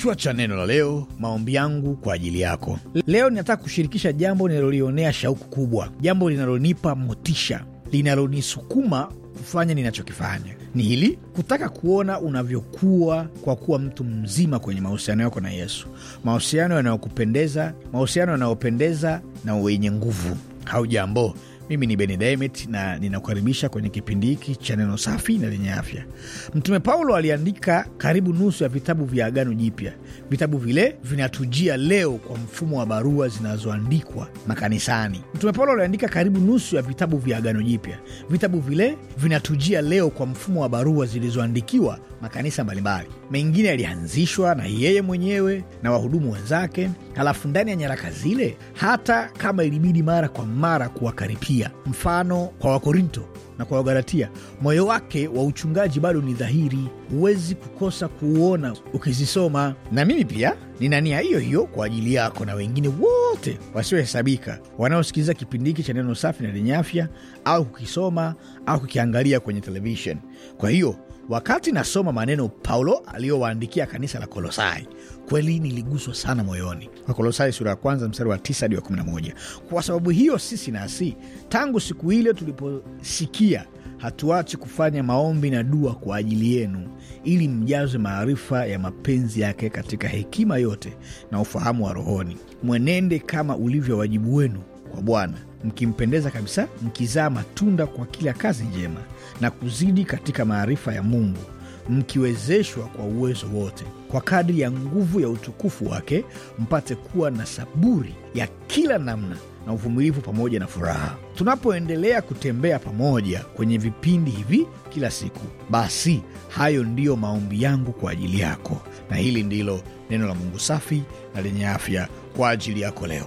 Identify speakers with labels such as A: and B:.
A: Kichwa cha neno la leo: maombi yangu kwa ajili yako. Leo ninataka kushirikisha jambo linalolionea shauku kubwa, jambo linalonipa motisha, linalonisukuma kufanya ninachokifanya ni hili: kutaka kuona unavyokuwa kwa kuwa mtu mzima kwenye mahusiano yako na Yesu, mahusiano yanayokupendeza, mahusiano yanayopendeza na wenye nguvu. Haujambo, mimi ni Beni na ninakukaribisha kwenye kipindi hiki cha neno safi na lenye afya. Mtume Paulo aliandika karibu nusu ya vitabu vya Agano Jipya. Vitabu vile vinatujia leo kwa mfumo wa barua zinazoandikwa makanisani. Mtume Paulo aliandika karibu nusu ya vitabu vya Agano Jipya. Vitabu vile vinatujia leo kwa mfumo wa barua zilizoandikiwa makanisa mbalimbali. Mengine yalianzishwa na yeye mwenyewe na wahudumu wenzake, halafu ndani ya nyaraka zile, hata kama ilibidi mara kwa mara kuwakaripia Biblia, mfano kwa Wakorinto na kwa Wagalatia, moyo wake wa uchungaji bado ni dhahiri, huwezi kukosa kuuona ukizisoma. Na mimi pia Nina nia hiyo hiyo kwa ajili yako na wengine wote wasiohesabika wanaosikiliza kipindi hiki cha neno safi na lenye afya, au kukisoma au kukiangalia kwenye televishen. Kwa hiyo wakati nasoma maneno Paulo aliyowaandikia kanisa la Kolosai, kweli niliguswa sana moyoni. Wakolosai sura ya kwanza mstari wa tisa hadi wa kumi na moja. Kwa sababu hiyo sisi nasi tangu siku ile tuliposikia hatuachi kufanya maombi na dua kwa ajili yenu, ili mjazwe maarifa ya mapenzi yake katika hekima yote na ufahamu wa rohoni, mwenende kama ulivyo wajibu wenu kwa Bwana, mkimpendeza kabisa, mkizaa matunda kwa kila kazi njema na kuzidi katika maarifa ya Mungu, mkiwezeshwa kwa uwezo wote kwa kadri ya nguvu ya utukufu wake, mpate kuwa na saburi ya kila namna na uvumilivu pamoja na furaha. Tunapoendelea kutembea pamoja kwenye vipindi hivi kila siku, basi hayo ndiyo maombi yangu kwa ajili yako, na hili ndilo neno la Mungu safi na lenye afya kwa ajili yako leo.